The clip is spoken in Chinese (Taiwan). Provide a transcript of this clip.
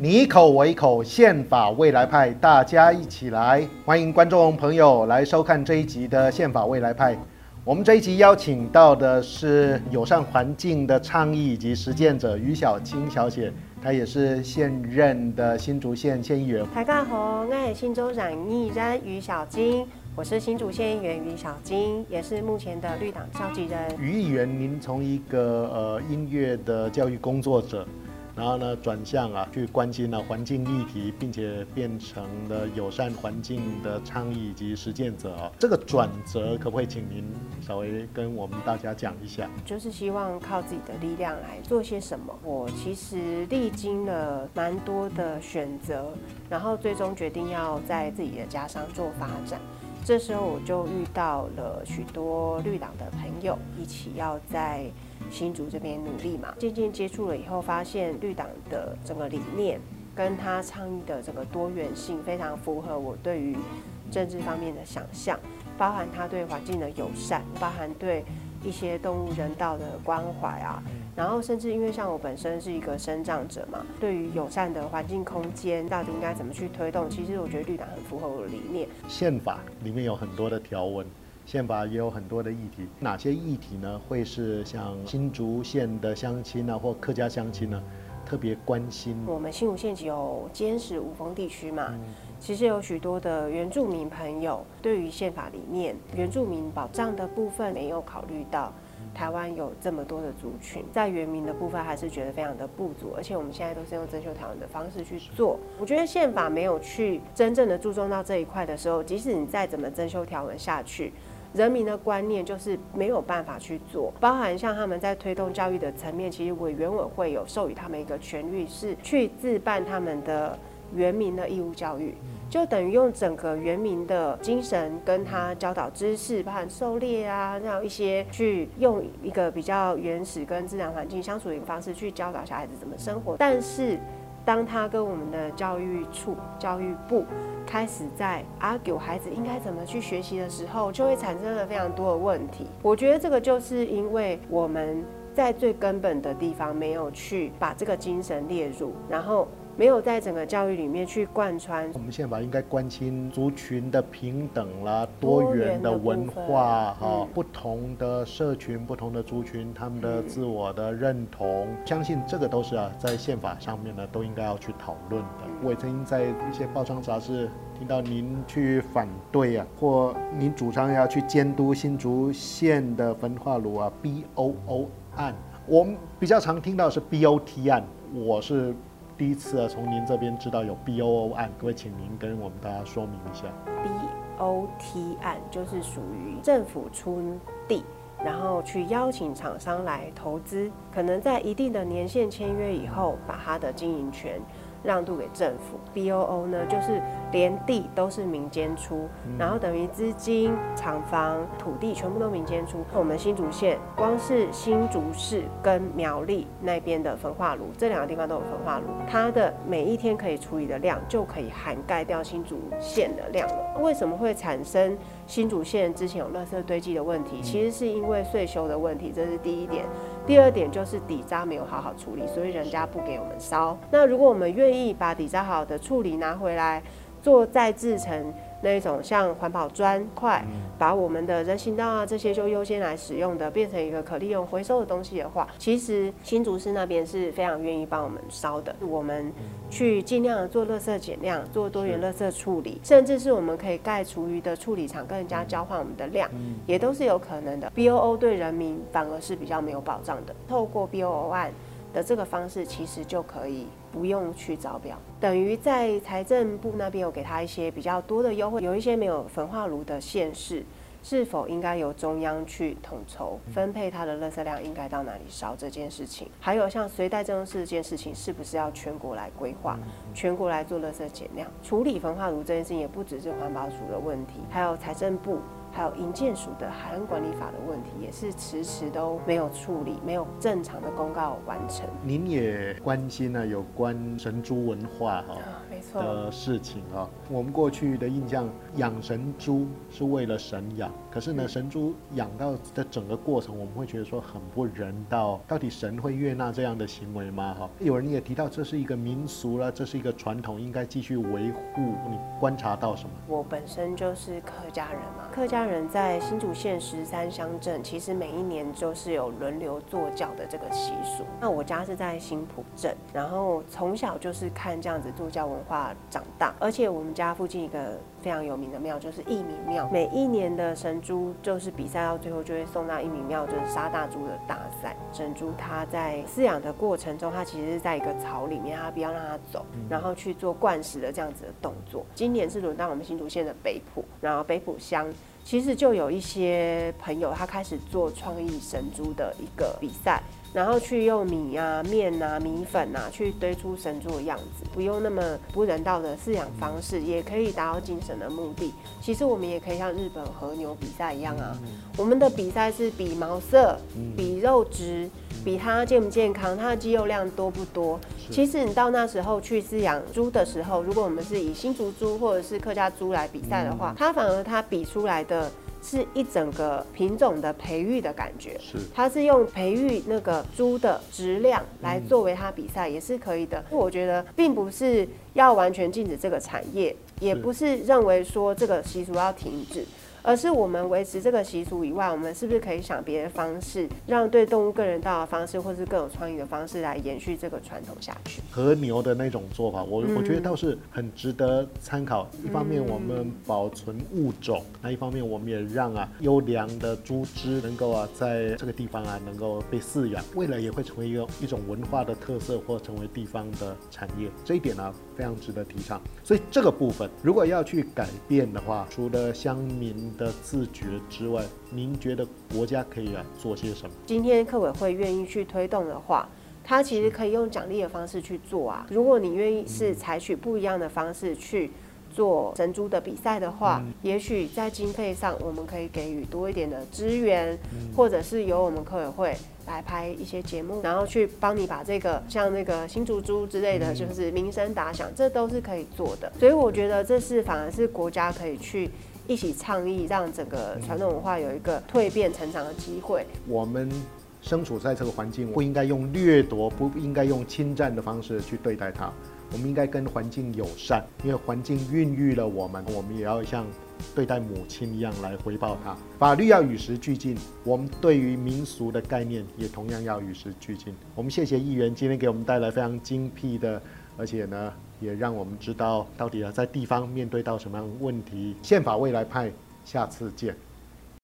你一口我一口，憲法未來派，大家一起來！歡迎觀眾朋友來收看這一集的憲法未來派。我們這一集邀請到的是友善環境的倡議以及實踐者余筱菁小姐，她也是現任的新竹縣縣議員。大家好，我是新竹縣議員余筱菁。我是新竹縣議員余筱菁，也是目前的綠黨召集人。余議員，您從一個呃音樂的教育工作者。然後呢，轉向啊，去關心了，啊，環境議題，並且變成了友善環境的倡議以及實踐者。哦，這個轉折可不可以請您稍微跟我們大家講一下？就是希望靠自己的力量來做些什麼。我其實歷經了蠻多的選擇，然後最終決定要在自己的家鄉做發展。這時候我就遇到了許多綠黨的朋友，一起要在。新竹這邊努力嘛，漸漸接觸了以後，發現綠黨的整個理念跟他倡議的這個多元性非常符合我對於政治方面的想象，包含他對環境的友善，包含對一些動物人道的關懷啊，然後甚至因為像我本身是一個身障者嘛，對於友善的環境空間到底應該怎麼去推動，其實我覺得綠黨很符合我的理念。憲法裡面有很多的條文。憲法也有很多的議題，哪些議題呢？會是像新竹縣的鄉親啊，或客家鄉親呢，特別關心。我們新竹縣籍有尖石五峰地區嘛、嗯，其實有許多的原住民朋友，對於憲法裡面原住民保障的部分，沒有考慮到台灣有這麼多的族群，在原民的部分還是覺得非常的不足。而且我們現在都是用增修條文的方式去做，我覺得憲法沒有去真正的注重到這一塊的時候，即使你再怎麼增修條文下去。人民的觀念就是沒有辦法去做，包含像他們在推動教育的層面，其實委員委會有授予他們一個權利，是去自辦他們的原民的義務教育，就等於用整個原民的精神跟他教導知識，包含狩獵啊這樣一些，去用一個比較原始跟自然環境相處的一個方式去教導小孩子怎麼生活，但是。當他跟我們的教育處、教育部開始在 argue、啊、孩子應該怎麼去學習的時候，就會產生了非常多的問題。我覺得這個就是因為我們在最根本的地方沒有去把這個精神列入，然後。沒有在整個教育裡面去貫穿。我們憲法應該關心族群的平等啦，多元的文化啊、嗯哦，不同的社群、不同的族群他們的自我的認同、嗯，相信這個都是啊，在憲法上面呢都應該要去討論的。嗯、我也曾經在一些報章雜誌聽到您去反對啊，或您主張要去監督新竹縣的焚化爐啊，B O O 案，嗯、我們比較常聽到是 B O T 案，我是。第一次啊，從您這邊知道有 BOO 案，各位，請您跟我們大家說明一下。BOT 案就是屬於政府出地，然後去邀請廠商來投資，可能在一定的年限簽約以後，把它的經營權。讓渡給政府，BOO 呢，就是連地都是民間出，嗯，然後等於資金、廠房、土地全部都民間出。我們新竹縣光是新竹市跟苗栗那邊的焚化爐，這兩個地方都有焚化爐，它的每一天可以處理的量就可以涵蓋掉新竹縣的量了。為什麼會產生新竹縣之前有垃圾堆積的問題，嗯？其實是因為稅收的問題，這是第一點。第二點就是底渣沒有好好處理，所以人家不給我們燒。那如果我們願意把底渣好的處理拿回來做再制成。那一種像環保磚塊，把我們的人行道啊這些就優先來使用的，變成一個可利用回收的東西的話，其實新竹市那邊是非常願意幫我們燒的。我們去盡量的做垃圾減量，做多元垃圾處理，甚至是我們可以蓋廚餘的處理廠，跟人家交換我們的量，也都是有可能的。BOO 對人民反而是比較沒有保障的，透過 BOO 案的這個方式，其實就可以。不用去招標，等於在財政部那邊有給他一些比較多的優惠。有一些沒有焚化爐的縣市，是否應該由中央去統籌分配它的垃圾量，應該到哪裡燒這件事情？還有像隨袋徵收這件事情，是不是要全國來規劃，全國來做垃圾減量處理？焚化爐這件事情，也不只是環保署的問題，還有財政部。還有營建署的海岸管理法的問題，也是遲遲都沒有處理，沒有正常的公告完成。您也關心呢、啊，有關神豬文化哈、哦嗯。的事情啊、哦，我們過去的印象，養神豬是為了神養，可是呢，神豬養到的整個過程，我們會覺得說很不人道，到底神會悅納這樣的行為嗎？哈，有人也提到這是一個民俗了、啊，這是一個傳統，應該繼續維護。你觀察到什麼？我本身就是客家人嘛，客家人在新竹縣十三鄉鎮，其實每一年就是有輪流做醮的這個習俗。那我家是在新埔鎮，然後從小就是看這樣子做醮文化。長大，而且我們家附近一個非常有名的廟就是義民廟，每一年的神豬就是比賽到最後就會送到義民廟，就是殺大豬的大賽。神豬它在飼養的過程中，它其實是在一個槽裡面，它不要讓它走，然後去做灌食的這樣子的動作。今年是輪到我們新竹縣的北埔，然後北埔鄉。其實就有一些朋友，他開始做創意神豬的一個比賽，然後去用米啊、麵啊、米粉啊去堆出神豬的樣子，不用那麼不人道的飼養方式，也可以達到精神的目的。其實我們也可以像日本和牛比賽一樣啊，我們的比賽是比毛色、比肉質。比它健不健康，它的肌肉量多不多？其實你到那時候去飼養豬的時候，如果我們是以新竹豬或者是客家豬來比賽的話，它、嗯、反而它比出來的是一整個品種的培育的感覺。它是，是用培育那個豬的質量來作為它比賽、嗯、也是可以的。我覺得並不是要完全禁止這個產業，也不是認為說這個習俗要停止，而是我們維持這個習俗以外，我們是不是可以想別的方式，讓對動物更人道的方式，或是更有創意的方式來延續這個傳統下去？和牛的那種做法，我、嗯、我覺得倒是很值得參考。嗯、一方面我們保存物種，嗯、那一方面我們也讓啊優良的豬只能夠啊在這個地方啊能夠被飼養，未來也會成為一個一種文化的特色，或成為地方的產業。這一點呢、啊、非常值得提倡。所以這個部分如果要去改變的話，除了鄉民。的自覺之外，您覺得國家可以啊做些什麼？今天客委會願意去推動的話，它其實可以用獎勵的方式去做啊。如果你願意是採取不一樣的方式去做神豬的比賽的話，嗯、也許在經費上我們可以給予多一點的資源，嗯，或者是由我們客委會來拍一些節目，然後去幫你把這個像那個新竹豬之類的，就是名聲打響，嗯，這都是可以做的。所以我覺得這是反而是國家可以去。一起倡議，讓整個傳統文化有一個蛻變成長的機會。嗯。我們身處在這個環境，不應該用掠奪、不應該用侵占的方式去對待它。我們應該跟環境友善，因為環境孕育了我們，我們也要像對待母親一樣來回報它。法律要與時俱進，我們對於民俗的概念也同樣要與時俱進。我們謝謝議員今天給我們帶來非常精闢的，而且呢。也讓我們知道到底要在地方面對到什麼樣的問題。憲法未來派，下次見。